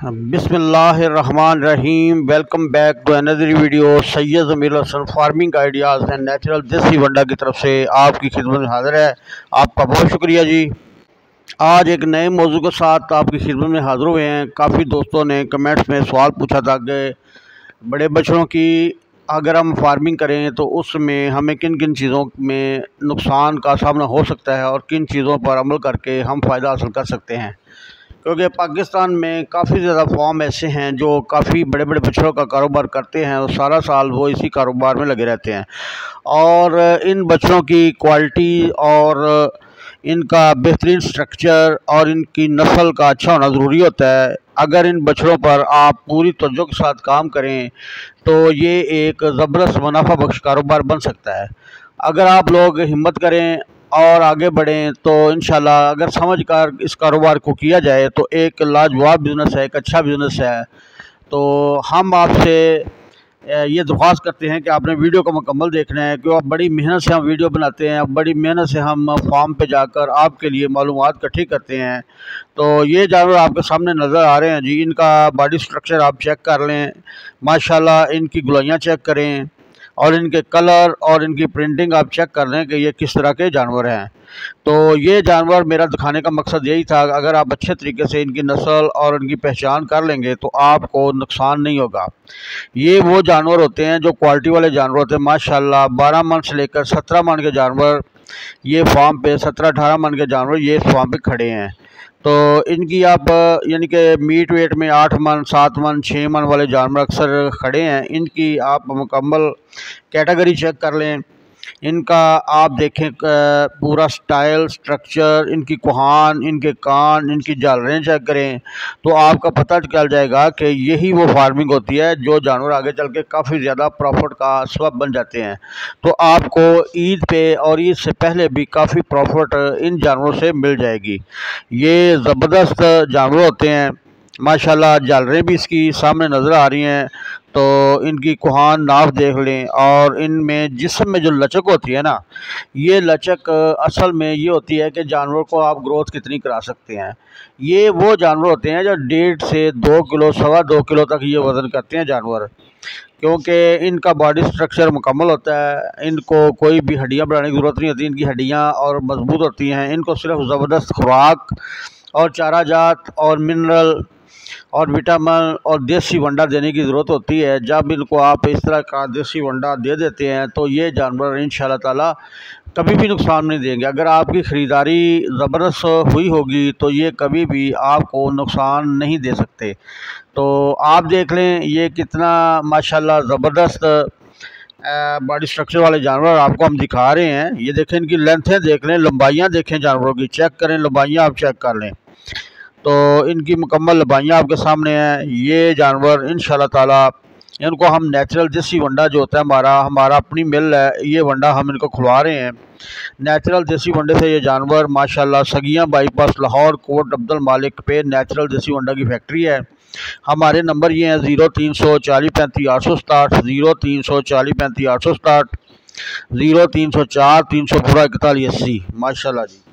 بسم اللہ الرحمن الرحیم welcome back to another video Syed Amir Hassan farming ideas and natural دیسی ونڈا کی طرف سے آپ کی خدمت میں حاضر ہے آپ کا بہت شکریہ جی آج ایک نئے موضوع کے ساتھ آپ کی خدمت میں حاضر ہوئے ہیں کافی دوستوں نے کمنٹس میں سوال پوچھا تھا کہ بڑے بچوں کی اگر ہم فارمنگ کریں تو اس میں ہمیں کن کن چیزوں میں نقصان کا سامنا ہو سکتا ہے اور کن چیزوں پر عمل کر کے ہم فائدہ حاصل کر سکتے ہیں کیونکہ پاکستان میں کافی زیادہ فارم ایسے ہیں جو کافی بڑے بڑے بچھڑوں کا کاروبار کرتے ہیں اور سارا سال وہ اسی کاروبار میں لگے رہتے ہیں اور ان بچھڑوں کی کوالٹی اور ان کا بہترین سٹرکچر اور ان کی نسل کا اچھا ہونا ضروری ہوتا ہے اگر ان بچھڑوں پر آپ پوری توجہ کے ساتھ کام کریں تو یہ ایک زبردست منافع بخش کاروبار بن سکتا ہے اگر آپ لوگ ہمت کریں اور آگے بڑھیں تو انشاءاللہ اگر سمجھ کر اس کاروبار کو کیا جائے تو ایک لاجواب بزنس ہے ایک اچھا بزنس ہے تو ہم آپ سے یہ درخواست کرتے ہیں کہ آپ نے ویڈیو کا مکمل دیکھنا ہے کہ آپ بڑی محنت سے ہم ویڈیو بناتے ہیں بڑی محنت سے ہم فارم پہ جا کر آپ کے لیے معلومات کٹھی کرتے ہیں تو یہ جانور آپ کے سامنے نظر آ رہے ہیں جی ان کا باڈی سٹرکچر آپ چیک کر لیں ماشاءاللہ ان کی گلائیاں چیک کریں اور ان کے کلر اور ان کی پرنٹنگ آپ چیک کر لیں کہ یہ کس طرح کے جانور ہیں تو یہ جانور میرا دکھانے کا مقصد یہی تھا اگر آپ اچھے طریقے سے ان کی نسل اور ان کی پہچان کر لیں گے تو آپ کو نقصان نہیں ہوگا یہ وہ جانور ہوتے ہیں جو کوالٹی والے جانور ہوتے ہیں ماشاءاللہ بارہ من سے لے کر سترہ من کے جانور یہ فارم پہ سترہ اٹھارہ من کے جانور یہ اس فارم پہ کھڑے ہیں تو ان کی آپ یعنی کہ میٹ ویٹ میں آٹھ من سات من چھ من والے جانور اکثر کھڑے ہیں ان کی آپ مکمل کیٹاگری چیک کر لیں ان کا آپ دیکھیں پورا سٹائل سٹرکچر ان کی کوہان ان کے کان ان کی جالریں چیک کریں تو آپ کا پتہ چل جائے گا کہ یہی وہ فارمنگ ہوتی ہے جو جانور آگے چل کے کافی زیادہ پروفٹ کا سبب بن جاتے ہیں تو آپ کو عید پہ اور عید سے پہلے بھی کافی پروفٹ ان جانوروں سے مل جائے گی یہ زبردست جانور ہوتے ہیں ماشاءاللہ جالریں بھی اس کی سامنے نظر آ رہی ہیں تو ان کی کوہان ناپ دیکھ لیں اور ان میں جسم میں جو لچک ہوتی ہے نا یہ لچک اصل میں یہ ہوتی ہے کہ جانور کو آپ گروتھ کتنی کرا سکتے ہیں یہ وہ جانور ہوتے ہیں جو ڈیڑھ سے دو کلو سوا دو کلو تک یہ وزن کرتے ہیں جانور کیونکہ ان کا باڈی سٹرکچر مکمل ہوتا ہے ان کو کوئی بھی ہڈیاں بڑھانے کی ضرورت نہیں ہوتی ان کی ہڈیاں اور مضبوط ہوتی ہیں ان کو صرف زبردست خوراک اور چارہ جات اور منرل اور وٹامن اور دیسی ونڈا دینے کی ضرورت ہوتی ہے جب ان کو آپ اس طرح کا دیسی ونڈا دے دیتے ہیں تو یہ جانور ان شاء اللہ تعالیٰ کبھی بھی نقصان نہیں دیں گے اگر آپ کی خریداری زبردست ہوئی ہوگی تو یہ کبھی بھی آپ کو نقصان نہیں دے سکتے تو آپ دیکھ لیں یہ کتنا ماشاءاللہ زبردست باڈی سٹرکچر والے جانور آپ کو ہم دکھا رہے ہیں یہ دیکھیں ان کی لینتھیں دیکھ لیں لمبائیاں دیکھیں جانوروں کی چیک کریں لمبائیاں آپ چیک کر لیں تو ان کی مکمل لبائیاں آپ کے سامنے ہیں یہ جانور ان شاء اللہ تعالیٰ ان کو ہم نیچرل دیسی ونڈا جو ہوتا ہے ہمارا ہمارا اپنی مل ہے یہ ونڈا ہم ان کو کھلوا رہے ہیں نیچرل دیسی ونڈے سے یہ جانور ماشاءاللہ سگیاں بائی پاس لاہور کوٹ عبد المالک پہ نیچرل دیسی ونڈا کی فیکٹری ہے ہمارے نمبر یہ ہیں زیرو تین سو چالیس پینتیس آٹھ سو ستاٹھ زیرو تین سو چالیس پینتیس آٹھ سو ستاٹھ زیرو تین سو چار تین سو پورا اکتالیس اسی ماشاء اللہ جی